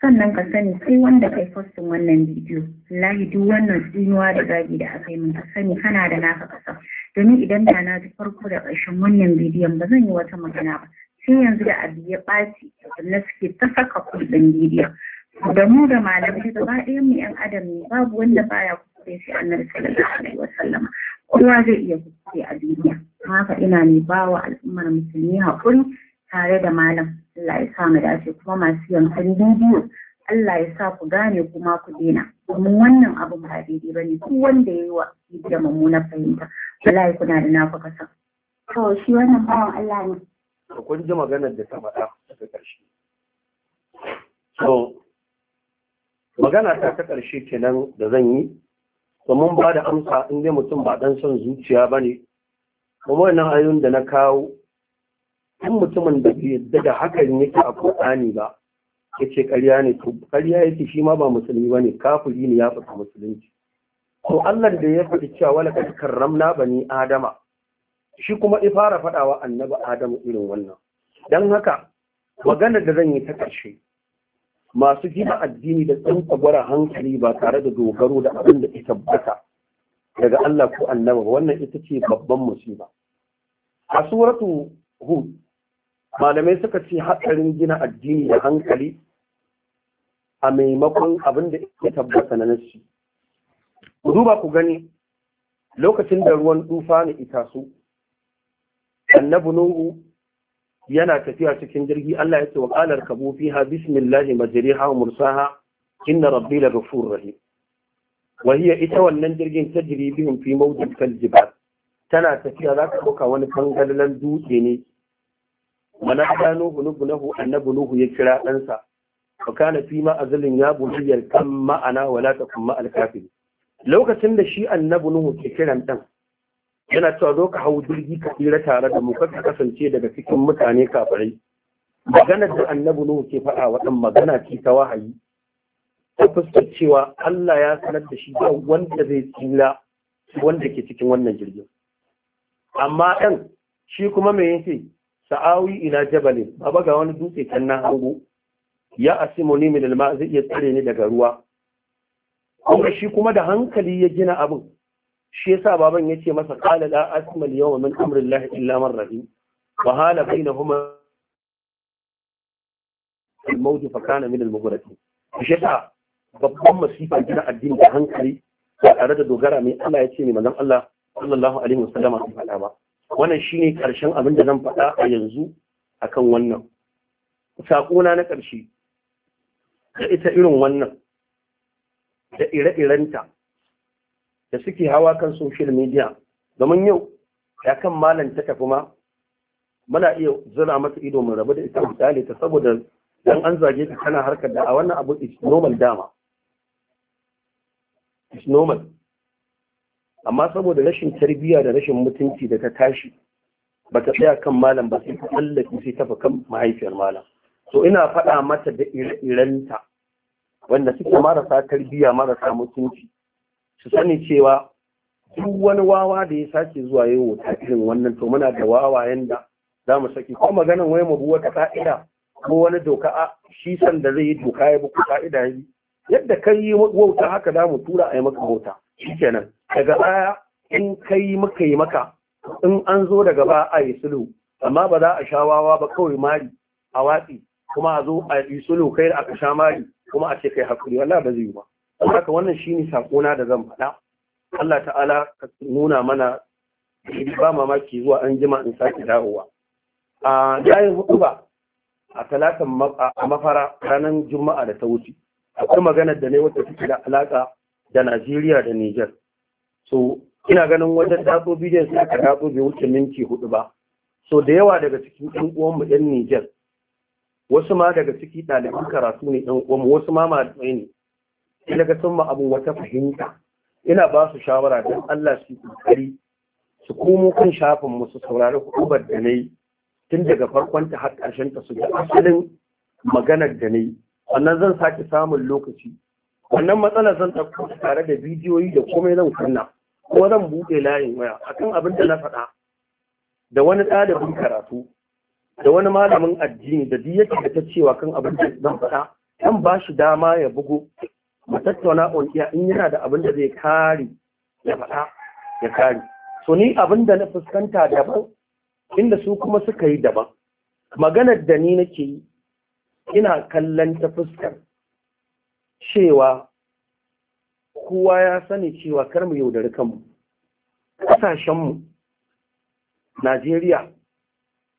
sannan ka sani sai wanda kai fostin wannan bidiyo lahi duk wannan tsinuwa da zagi da aka yi mun ka sani kana da naka kasa domin idan da na ji farko da ƙarshen wannan bidiyon ba zan yi wata magana ba sai yanzu da abu ya ɓaci na suke ta saka kuɗin bidiyon da mu da malamai gaba ɗaya mu yan adam ne babu wanda baya kuskure sai annabi sallallahu alaihi sallama. kowa zai iya kuskure a duniya haka ina ne bawa al'ummar musulmi haƙuri tare da malam Allah ya sa mu dace kuma masu yankan bidiyo Allah ya sa ku gane kuma ku dena domin wannan abin ba daidai ba ne duk wanda ya yi wa da na fahimta wallahi kuna da naku kasa to shi wannan bawan Allah ne to kun ji maganar da ta faɗa daga ƙarshe so magana ta ta ƙarshe kenan da zan yi to mun ba da amsa in dai mutum ba dan son zuciya ba ne kuma wannan ayoyin da na kawo in mutumin da bai yadda da hakan yake a ƙoƙani ba ya ce ƙarya ne to ƙarya yake shi ma ba musulmi ba ne kafiri ne ya fita musulunci to Allah da ya faɗi cewa wala kad karramna bani adama shi kuma ya fara faɗawa annabi adamu irin wannan dan haka magana da zan yi ta ƙarshe masu jiba addini da tsinka gwara hankali ba tare da dogaro da abin da ita tabbata daga Allah ko annaba wannan ita ce babban musiba a suratu hud malamai suka ce hatsarin gina addini da hankali a maimakon abin da ya tabbata na nasi ku duba ku gani lokacin da ruwan tufa na ita su annabi nuhu yana tafiya cikin jirgi Allah ya ce wa qalar kabu fiha bismillahi majriha wa mursaha inna rabbi la ghafurur rahim wa hiya ita wannan jirgin tajri bihim fi mawdin kal jibal tana tafiya za ka wani kangalalan dutse ne malaka nuhu nuhu annabi nuhu ya kira ɗansa fa kana fi ma azalin ya buniyar kan ma'ana wala ta kuma alkafiri lokacin da shi annabi nuhu ke kiran ɗan yana cewa zo ka hau jirgi ka tsira tare da mu ka kasance daga cikin mutane kafirai Magana da annabi nuhu ke faɗa wa ɗan magana ce ta wahayi ta fuskar cewa Allah ya sanar da shi ba wanda zai tsira wanda ke cikin wannan jirgin amma ɗan shi kuma me yake sa'awi ila jabalin baba ga wani dutse can nan hango ya asimu min alma zai iya tsare ni daga ruwa kuma shi kuma da hankali ya gina abin shi yasa baban yace masa qala la asma al yawma min amri llahi illa man rahim wa hala bainahuma al mawt fa kana min al mughraqin shi yasa babban masifa gina addini da hankali ba tare da dogara mai Allah ya ce ne manzon Allah sallallahu alaihi wasallama ba wannan shine karshen abin da zan faɗa a yanzu akan wannan saƙona na ƙarshe da ita irin wannan da ire-irenta da suke hawa kan social media domin yau ya kan malam ta tafi ma muna iya zira mata ido mu rabu da ita misali ta saboda dan an zage ta kana harkar da a wannan abu is normal dama is normal amma saboda rashin tarbiyya da rashin mutunci da ta tashi ba ta tsaya kan malam ba sai ta tsallake sai ta kan mahaifiyar malam to ina faɗa mata da irenta wanda suke marasa tarbiyya marasa mutunci su sani cewa duk wani wawa da ya sake zuwa yi wuta irin wannan to muna da wawayen da za mu saki ko maganan wai mu wata ka'ida ko wani doka a shi san da zai yi doka ya bi ka'ida yadda kan yi wauta haka za mu tura a yi maka wauta kenan. daga baya in kai maka yi maka in an zo daga ba a yi sulu amma ba za a sha wawa ba kawai mari a watsi kuma a zo a yi sulu kai da aka sha mari kuma a ce kai hakuri Allah ba zai yi ba haka wannan shine na da zan faɗa Allah ta'ala ka nuna mana ba mamaki zuwa an jima in sake dawowa a yayin hudu a talatan mafara ranar juma'a da ta wuce akwai maganar da ne wata take da alaka da Najeriya da Niger so ina ganin wajen tatso bidiyon sai aka tatso bai wuce minti hudu ba so da yawa daga cikin ɗan uwanmu ɗan Nijar wasu ma daga ciki ɗaliban karatu ne ɗan uwanmu wasu ma malamai ne ina ga sun ma abin wata fahimta ina ba su shawara don Allah su kokari su komo kan shafin mu su saurari hukumar da nayi tun daga farkon ta har ƙarshen ta su ga asalin maganar da nayi wannan zan sake samun lokaci wannan matsalar zan ɗauko tare da bidiyoyi da komai zan kunna kuma zan buɗe layin waya akan abin da na faɗa da wani ɗalibin karatu da wani malamin addini da duk yake da ta cewa kan abin da zan faɗa kan ba shi dama ya bugu. mu tattauna ƙungiya in yana da abin da zai kare ya faɗa ya kare so ni abin da na fuskanta daban inda su kuma suka yi daban maganar da ni nake yi ina kallon ta fuskar cewa kowa ya sani cewa kar mu yaudari kanmu ƙasashenmu najeriya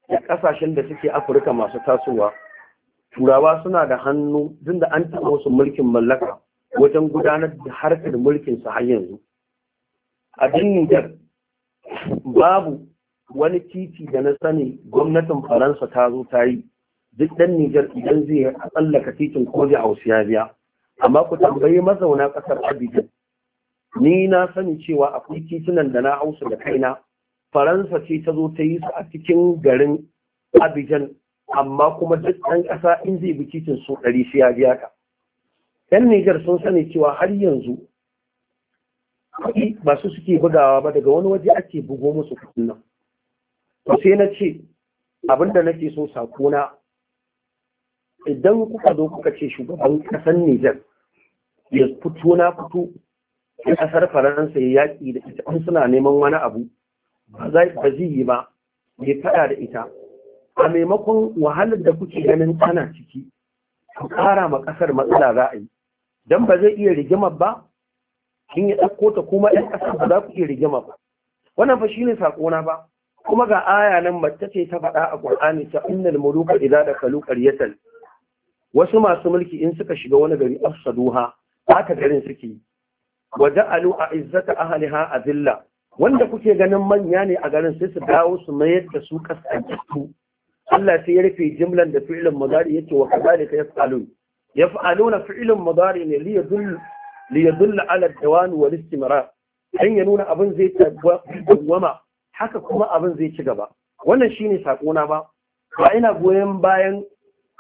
da ƙasashen da suke afirka masu tasowa turawa suna da hannu tun da an taɓa wasu mulkin mallaka wajen gudanar da harkar mulkin su har yanzu a dinnijar babu wani titi da na sani gwamnatin faransa ta zo ta yi duk ɗan nijar idan zai tsallaka titin ko zai ya biya amma ku tambayi mazauna ƙasar abidjan ni na sani cewa akwai titunan da na hausa da kaina faransa ce ta zo ta yi su a cikin garin abidjan amma kuma duk ɗan ƙasa in zai bi titin su ɗari sai ya biya ka yan nijar sun sani cewa har yanzu kuɗi ba suke bugawa ba daga wani waje ake bugo musu kuɗin nan to sai na ce abin abinda nake so sakona idan kuka zo kuka ce shugaban ƙasar Nijar ya fito na fito a ƙasar faransa ya yaƙi da ita in suna neman wani abu ba zai yi ba ya faɗa da ita a maimakon wahalar da kuke ganin tana ciki ku ƙara ma ƙasar matsala za a yi don ba zai iya rigimar ba kin ya ɗauko ta kuma ‘yan ƙasar ba za ku iya rigimar ba wannan fa shine saƙona ba kuma ga aya nan mace ce ta faɗa a ƙur'ani ta innal muluka idza dakalu qaryatan wasu masu mulki in suka shiga wani gari afsaduha aka garin suke waje alu a izzata ahaliha a zilla wanda kuke ganin manya ne a garin sai su dawo su mayar da su kasa kasantattu Allah sai ya rufe jimlan da fi'ilin ya yake wa ya yaf'alun yaf'aluna fi'ilin mazari ne li yadullu li yadullu ala dawan wal istimrar dan ya nuna abin zai tabbawa haka kuma abin zai ci gaba wannan shine sako na ba ba ina goyon bayan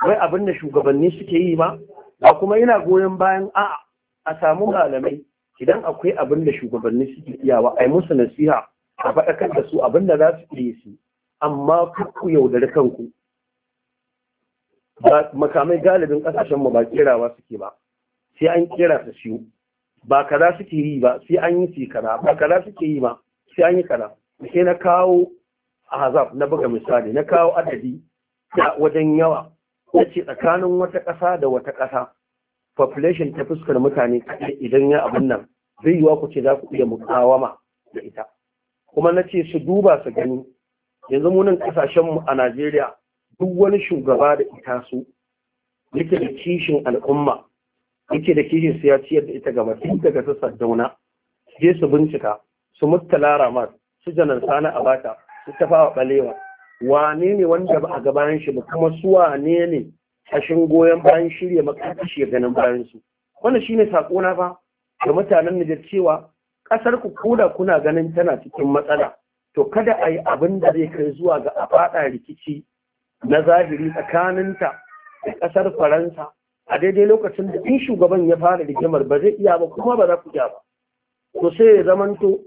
wai abin da shugabanni suke yi ba ba kuma ina goyon bayan a'a a samu malamai idan akwai abin da shugabanni suke iyawa ai musu nasiha a faɗakar da su abin da za su iya su amma ku yaudari kanku makamai galibin ƙasashen mu ba kirawa suke ba sai an kira su siyo ba kaza suke yi ba sai an yi shekara. ba kaza suke yi ba sai an yi kaza sai na kawo hazaf na buga misali na kawo adadi wajen yawa na ce tsakanin wata ƙasa da wata ƙasa population ta fuskar mutane idan ya abin nan zai yiwa ku ce za ku iya mukawama da ita kuma na ce su duba su gani yanzu munin kasashen mu a Najeriya duk wani shugaba da ita su yake da kishin al'umma yake da kishin su ya ciyar da ita ga masu daga su sardauna je su bincika su mutala ramar su janar sani abata su tafawa balewa wane ne wanda ba a gabanin shi ba kuma su wane ne Hashin goyon bayan shirya makarkashi ganin bayan su wannan shine sako na fa ga mutanen Nijar cewa ƙasar ku koda kuna ganin tana cikin matsala to kada a yi abin da zai kai zuwa ga a faɗa rikici na zahiri tsakanin ta da ƙasar Faransa a daidai lokacin da in shugaban ya fara rigimar ba zai iya ba kuma ba za ku iya ba to sai ya zamanto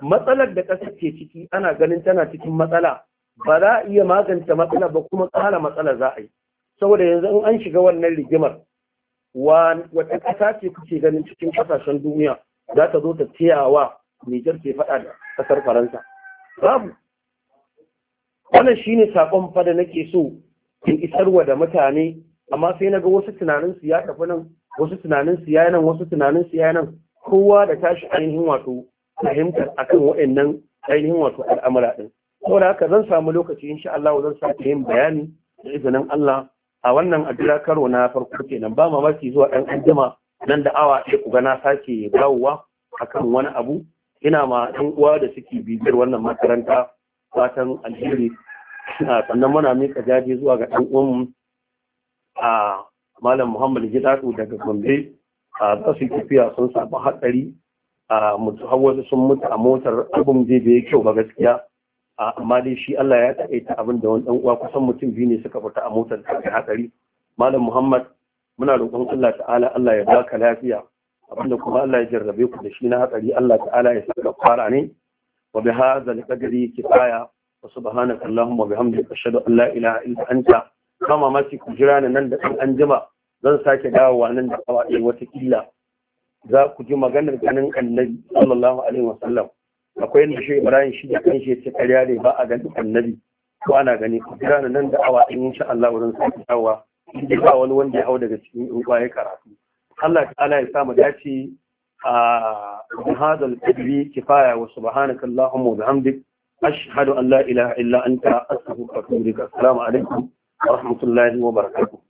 matsalar da ƙasar ke ciki ana ganin tana cikin matsala ba za a iya magance matsalar ba kuma ƙara matsalar za a yi saboda yanzu in an shiga wannan rigimar wata ƙasa ce kuke ganin cikin ƙasashen duniya za ta zo ta tiyawa Nijar ke faɗa da ƙasar Faransa. Babu. Wannan shi ne saƙon fada nake so in isarwa da mutane, amma sai na ga wasu tunaninsu ya tafi nan, wasu tunaninsu ya nan, wasu tunaninsu ya nan, kowa da tashi ainihin wato fahimtar akan waɗannan ainihin wato al'amura ɗin. Saboda haka zan samu lokaci sha Allah zan sake yin bayani da izinin Allah a wannan addu'a karo na farko kenan ba mamaki zuwa ɗan anjima nan da awa ɗaya ku ga na sake dawowa akan wani abu ina ma ɗan uwa da suke bibiyar wannan makaranta fatan alheri sannan muna mika jaje zuwa ga ɗan uwanmu a malam muhammad gidado daga gombe a za su tafiya sun samu hatsari a mutu sun mutu a motar abin da ya kyau ba gaskiya amma dai shi Allah ya taƙaita abin da wani uwa kusan mutum biyu ne suka fita a motar ta aka hatsari malam Muhammad muna roƙon Allah ta'ala Allah ya ka lafiya abinda kuma Allah ya jarrabe ku da shi na hatsari Allah ta'ala ya saka fara ne wa bi hadha al-qadri kifaya wa subhanaka allahumma bihamdika ashhadu an la ilaha illa anta kama mace ku jira nan da an jima zan sake dawowa nan da kawai wata kila za ku ji maganar ganin annabi sallallahu alaihi wa sallam. akwai yadda shi ibrahim shi da kan shi ya ce karya ne ba a ganin annabi ko ana gani ku jira nan da awa in insha Allah wurin sake dawowa in ba wani wanda ya hau daga cikin in ya karatu Allah ta'ala ya sa mu dace a hadha al kifaya wa subhanaka allahumma wa bihamdik ashhadu an la ilaha illa anta astaghfiruka wa atubu ilaik assalamu alaikum wa rahmatullahi wa barakatuh